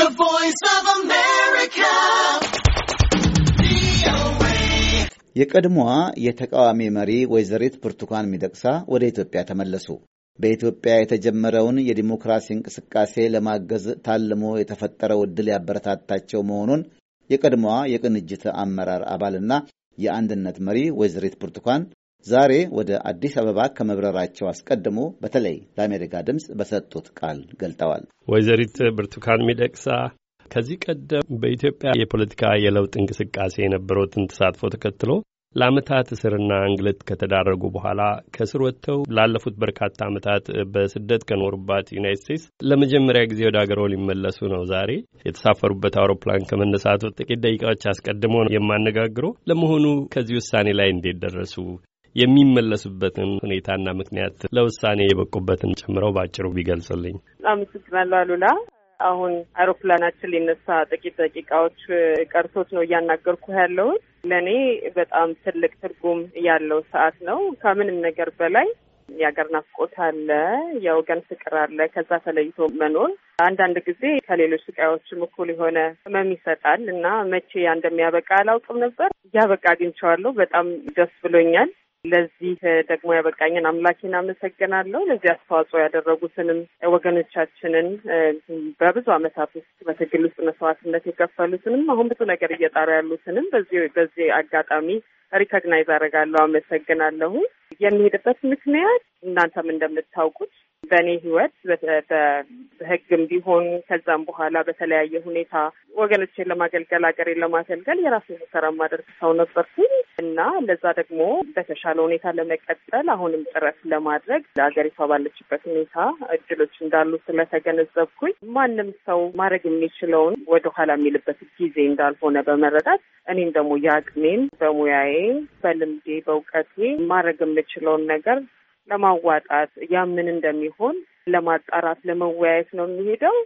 The Voice of America. የቀድሞዋ የተቃዋሚ መሪ ወይዘሪት ብርቱካን ሚደቅሳ ወደ ኢትዮጵያ ተመለሱ። በኢትዮጵያ የተጀመረውን የዲሞክራሲ እንቅስቃሴ ለማገዝ ታልሞ የተፈጠረው ዕድል ያበረታታቸው መሆኑን የቀድሞዋ የቅንጅት አመራር አባልና የአንድነት መሪ ወይዘሪት ብርቱካን ዛሬ ወደ አዲስ አበባ ከመብረራቸው አስቀድሞ በተለይ ለአሜሪካ ድምፅ በሰጡት ቃል ገልጠዋል። ወይዘሪት ብርቱካን ሚደቅሳ ከዚህ ቀደም በኢትዮጵያ የፖለቲካ የለውጥ እንቅስቃሴ የነበሩትን ተሳትፎ ተከትሎ ለዓመታት እስርና እንግልት ከተዳረጉ በኋላ ከእስር ወጥተው ላለፉት በርካታ ዓመታት በስደት ከኖሩባት ዩናይት ስቴትስ ለመጀመሪያ ጊዜ ወደ አገሮ ሊመለሱ ነው። ዛሬ የተሳፈሩበት አውሮፕላን ከመነሳቱ ጥቂት ደቂቃዎች አስቀድሞ ነው የማነጋግሮ። ለመሆኑ ከዚህ ውሳኔ ላይ እንዴት ደረሱ? የሚመለሱበትን ሁኔታና ምክንያት ለውሳኔ የበቁበትን ጨምረው በአጭሩ ቢገልጽልኝ። አመሰግናለሁ አሉላ። አሁን አውሮፕላናችን ሊነሳ ጥቂት ደቂቃዎች ቀርቶት ነው እያናገርኩ ያለሁት። ለእኔ በጣም ትልቅ ትርጉም ያለው ሰዓት ነው። ከምንም ነገር በላይ የሀገር ናፍቆት አለ፣ የወገን ፍቅር አለ። ከዛ ተለይቶ መኖር አንዳንድ ጊዜ ከሌሎች ስቃዮችም እኩል የሆነ ህመም ይሰጣል እና መቼ ያ እንደሚያበቃ አላውቅም ነበር። እያበቃ አግኝቼዋለሁ። በጣም ደስ ብሎኛል። ለዚህ ደግሞ ያበቃኝን አምላኬን አመሰግናለሁ። ለዚህ አስተዋጽኦ ያደረጉትንም ወገኖቻችንን በብዙ አመታት ውስጥ በትግል ውስጥ መስዋዕትነት የከፈሉትንም አሁን ብዙ ነገር እየጣሩ ያሉትንም በዚህ በዚህ አጋጣሚ ሪኮግናይዝ አደርጋለሁ፣ አመሰግናለሁ። የሚሄድበት ምክንያት እናንተም እንደምታውቁት በእኔ ህይወት በህግም ቢሆን ከዛም በኋላ በተለያየ ሁኔታ ወገኖችን ለማገልገል አገሬን ለማገልገል የራሴን ሙከራ ማደርግ ሰው ነበርኩኝ እና ለዛ ደግሞ በተሻለ ሁኔታ ለመቀጠል አሁንም ጥረት ለማድረግ ለሀገሪቷ ባለችበት ሁኔታ እድሎች እንዳሉ ስለተገነዘብኩኝ ማንም ሰው ማድረግ የሚችለውን ወደኋላ የሚልበት ጊዜ እንዳልሆነ በመረዳት እኔም ደግሞ የአቅሜን በሙያዬ፣ በልምዴ፣ በእውቀቴ ማድረግ የምችለውን ነገር ለማዋጣት ያ ምን እንደሚሆን ለማጣራት ለመወያየት ነው የሚሄደው።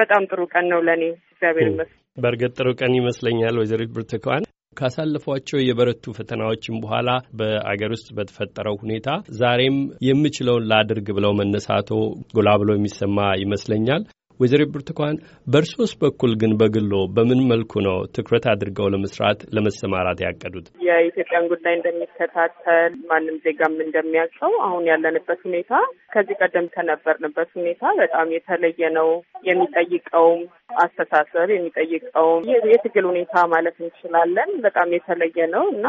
በጣም ጥሩ ቀን ነው ለእኔ እግዚአብሔር ይመስገን። በእርግጥ ጥሩ ቀን ይመስለኛል። ወይዘሪት ብርቱካን ካሳለፏቸው የበረቱ ፈተናዎችም በኋላ በአገር ውስጥ በተፈጠረው ሁኔታ ዛሬም የምችለውን ላድርግ ብለው መነሳቶ ጎላ ብሎ የሚሰማ ይመስለኛል። ወይዘሮ ብርቱካን በእርሶስ በኩል ግን በግሎ በምን መልኩ ነው ትኩረት አድርገው ለመስራት ለመሰማራት ያቀዱት? የኢትዮጵያን ጉዳይ እንደሚከታተል ማንም ዜጋም እንደሚያውቀው አሁን ያለንበት ሁኔታ ከዚህ ቀደም ከነበርንበት ሁኔታ በጣም የተለየ ነው። የሚጠይቀውም አስተሳሰብ የሚጠይቀውም የትግል ሁኔታ ማለት እንችላለን በጣም የተለየ ነው እና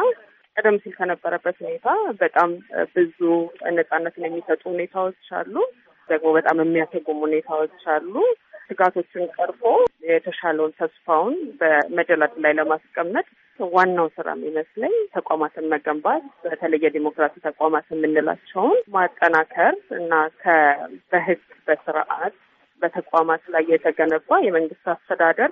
ቀደም ሲል ከነበረበት ሁኔታ በጣም ብዙ ነጻነትን የሚሰጡ ሁኔታዎች አሉ። ደግሞ በጣም የሚያሰጉም ሁኔታዎች አሉ። ስጋቶችን ቀርፎ የተሻለውን ተስፋውን በመደላት ላይ ለማስቀመጥ ዋናው ስራ የሚመስለኝ ተቋማትን መገንባት በተለይ የዲሞክራሲ ተቋማት የምንላቸውን ማጠናከር እና ከበህግ በስርዓት በተቋማት ላይ የተገነባ የመንግስት አስተዳደር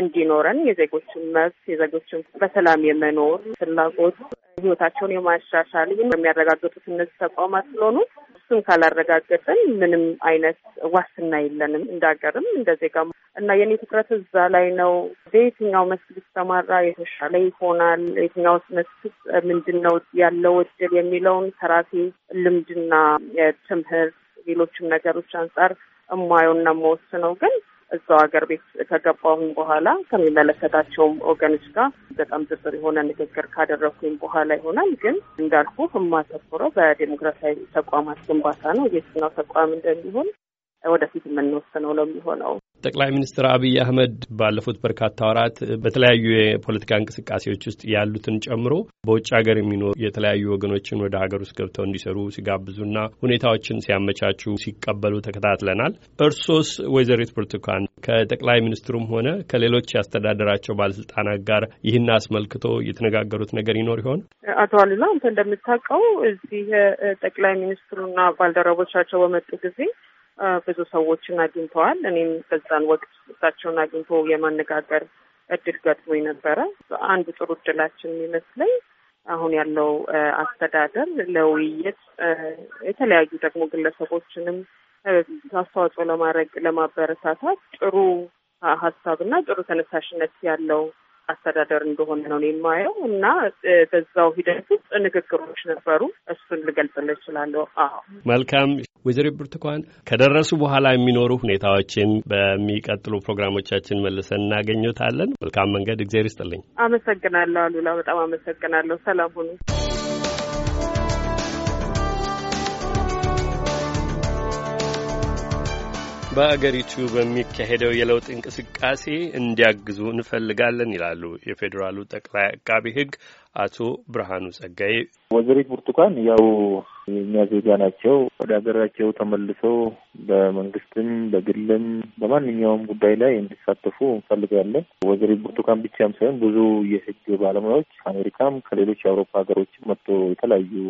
እንዲኖረን የዜጎችን መብት የዜጎችን በሰላም የመኖር ፍላጎት ህይወታቸውን የማሻሻል የሚያረጋግጡት እነዚህ ተቋማት ስለሆኑ እሱን ካላረጋገጥን ምንም አይነት ዋስትና የለንም እንደ ሀገርም እንደ ዜጋም እና የኔ ትኩረት እዛ ላይ ነው። በየትኛው መስክ ብሰማራ የተሻለ ይሆናል፣ የትኛው መስክ ምንድን ነው ያለው እድል የሚለውን ከራሴ ልምድና ትምህርት ሌሎችም ነገሮች አንጻር እማየውና ነው ግን እዛው ሀገር ቤት ከገባሁም በኋላ ከሚመለከታቸውም ወገኖች ጋር በጣም ዝርዝር የሆነ ንግግር ካደረግኩኝ በኋላ ይሆናል። ግን እንዳልኩ የማተኩረው በዴሞክራሲያዊ ተቋማት ግንባታ ነው። የትኛው ተቋም እንደሚሆን ወደፊት የምንወስነው ነው የሚሆነው። ጠቅላይ ሚኒስትር አብይ አህመድ ባለፉት በርካታ ወራት በተለያዩ የፖለቲካ እንቅስቃሴዎች ውስጥ ያሉትን ጨምሮ በውጭ ሀገር የሚኖሩ የተለያዩ ወገኖችን ወደ ሀገር ውስጥ ገብተው እንዲሰሩ ሲጋብዙና ሁኔታዎችን ሲያመቻቹ ሲቀበሉ ተከታትለናል። እርሶስ ወይዘሪት ብርቱካን ከጠቅላይ ሚኒስትሩም ሆነ ከሌሎች ያስተዳደራቸው ባለስልጣናት ጋር ይህን አስመልክቶ የተነጋገሩት ነገር ይኖር ይሆን? አቶ አሉላ አንተ እንደምታውቀው እዚህ ጠቅላይ ሚኒስትሩና ባልደረቦቻቸው በመጡ ጊዜ ብዙ ሰዎችን አግኝተዋል። እኔም በዛን ወቅት እሳቸውን አግኝቶ የማነጋገር እድል ገጥሞኝ ነበረ። አንድ ጥሩ እድላችን የሚመስለኝ አሁን ያለው አስተዳደር ለውይይት የተለያዩ ደግሞ ግለሰቦችንም አስተዋጽኦ ለማድረግ ለማበረታታት ጥሩ ሀሳብ እና ጥሩ ተነሳሽነት ያለው አስተዳደር እንደሆነ ነው የማየው እና በዛው ሂደት ውስጥ ንግግሮች ነበሩ። እሱን ልገልጽልህ እችላለሁ። አዎ መልካም። ወይዘሮ ብርቱካን ከደረሱ በኋላ የሚኖሩ ሁኔታዎችን በሚቀጥሉ ፕሮግራሞቻችን መልሰን እናገኘታለን። መልካም መንገድ። እግዚአብሔር ይስጥልኝ። አመሰግናለሁ አሉላ። በጣም አመሰግናለሁ። ሰላም ሁኑ። በአገሪቱ በሚካሄደው የለውጥ እንቅስቃሴ እንዲያግዙ እንፈልጋለን ይላሉ የፌዴራሉ ጠቅላይ አቃቢ ሕግ አቶ ብርሃኑ ጸጋዬ። ወይዘሪት ብርቱካን ያው የእኛ ዜጋ ናቸው። ወደ ሀገራቸው ተመልሰው በመንግስትም በግልም በማንኛውም ጉዳይ ላይ እንዲሳተፉ እንፈልጋለን። ወይዘሪት ብርቱካን ብቻም ሳይሆን ብዙ የህግ ባለሙያዎች ከአሜሪካም ከሌሎች የአውሮፓ ሀገሮችም መጥቶ የተለያዩ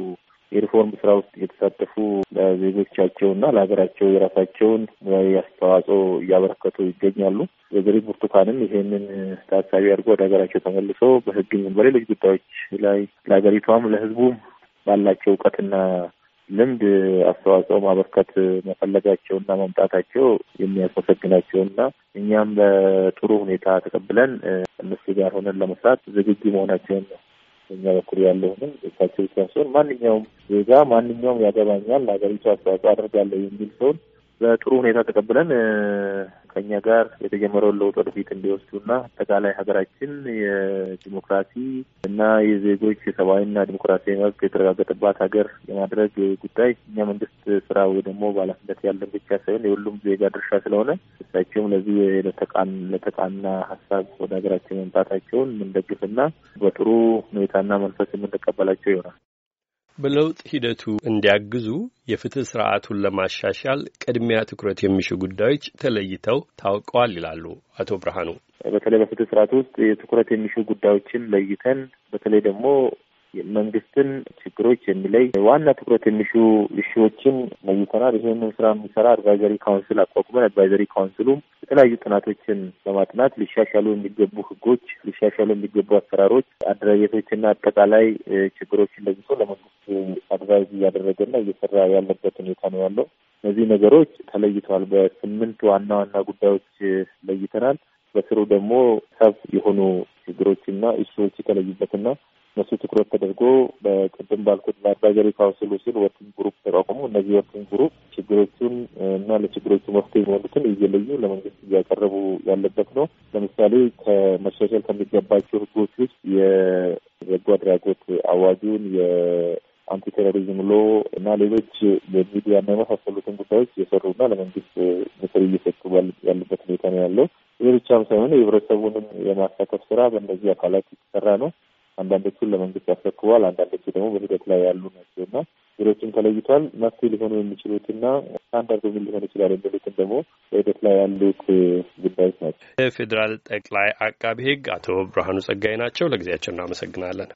የሪፎርም ስራ ውስጥ የተሳተፉ ለዜጎቻቸውና ለሀገራቸው የራሳቸውን አስተዋጽኦ እያበረከቱ ይገኛሉ። ወይዘሪት ብርቱካንም ይሄንን ታሳቢ አድርጎ ወደ ሀገራቸው ተመልሰው በሕግም በሌሎች ጉዳዮች ላይ ለሀገሪቷም ለሕዝቡም ባላቸው እውቀትና ልምድ አስተዋጽኦ ማበርከት መፈለጋቸውና መምጣታቸው የሚያስመሰግናቸውና እኛም በጥሩ ሁኔታ ተቀብለን እነሱ ጋር ሆነን ለመስራት ዝግጁ መሆናቸውን ነው በኛ በኩል ያለው ግን ሲሆን ማንኛውም ዜጋ ማንኛውም ያገባኛል ለሀገሪቱ አስተዋጽኦ አድርጋለ የሚል ሰውን በጥሩ ሁኔታ ተቀብለን ከኛ ጋር የተጀመረውን ለውጥ ወደፊት እንዲወስዱና አጠቃላይ ሀገራችን የዲሞክራሲ እና የዜጎች የሰብአዊና ዲሞክራሲያዊ መብት የተረጋገጠባት ሀገር የማድረግ ጉዳይ እኛ መንግስት ስራ ወይ ደግሞ በኃላፊነት ያለን ብቻ ሳይሆን የሁሉም ዜጋ ድርሻ ስለሆነ እሳቸውም ለዚህ ለተቃና ሀሳብ ወደ ሀገራችን መምጣታቸውን የምንደግፍና በጥሩ ሁኔታና መንፈስ የምንቀበላቸው ይሆናል። በለውጥ ሂደቱ እንዲያግዙ የፍትህ ስርዓቱን ለማሻሻል ቅድሚያ ትኩረት የሚሹ ጉዳዮች ተለይተው ታውቀዋል ይላሉ አቶ ብርሃኑ። በተለይ በፍትህ ስርዓት ውስጥ የትኩረት የሚሹ ጉዳዮችን ለይተን በተለይ ደግሞ መንግስትን ችግሮች የሚለይ ዋና ትኩረት የሚሹ እሺዎችን ለይተናል። ይህንን ስራ የሚሰራ አድቫይዘሪ ካውንስል አቋቁመን አድቫይዘሪ ካውንስሉም የተለያዩ ጥናቶችን በማጥናት ሊሻሻሉ የሚገቡ ህጎች፣ ሊሻሻሉ የሚገቡ አሰራሮች፣ አደራጀቶችና አጠቃላይ ችግሮችን ለይቶ ለመንግስት አድቫይዝ እያደረገና እየሰራ ያለበት ሁኔታ ነው ያለው። እነዚህ ነገሮች ተለይተዋል። በስምንት ዋና ዋና ጉዳዮች ለይተናል። በስሩ ደግሞ ሰብ የሆኑ ችግሮችና እሺዎች የተለዩበትና እነሱ ትኩረት ተደርጎ በቅድም ባልኩት በአድቫይዘሪ ካውንስሉ ሲል ወርኪንግ ግሩፕ ተቋቁሞ እነዚህ ወርኪንግ ግሩፕ ችግሮቹን እና ለችግሮቹ መፍትሄ የሚሆኑትን እየለዩ ለመንግስት እያቀረቡ ያለበት ነው። ለምሳሌ ከመሻሻል ከሚገባቸው ህጎች ውስጥ የበጎ አድራጎት አዋጁን የአንቲ ቴሮሪዝም ሎ እና ሌሎች የሚዲያ እና የመሳሰሉትን ጉዳዮች እየሰሩና ለመንግስት ምክር እየሰጡ ያሉበት ሁኔታ ነው ያለው። ይህ ብቻም ሳይሆን የህብረተሰቡንም የማሳተፍ ስራ በእነዚህ አካላት የተሰራ ነው። አንዳንዶቹን ለመንግስት ያስረክበዋል። አንዳንዶቹ ደግሞ በሂደት ላይ ያሉ ናቸው እና ሌሎችም ተለይቷል። መፍትሄ ሊሆኑ የሚችሉትና ስታንዳርዱ ምን ሊሆን ይችላል የሚሉትን ደግሞ በሂደት ላይ ያሉት ጉዳዮች ናቸው። የፌዴራል ጠቅላይ አቃቢ ህግ አቶ ብርሃኑ ጸጋይ ናቸው። ለጊዜያቸው እናመሰግናለን።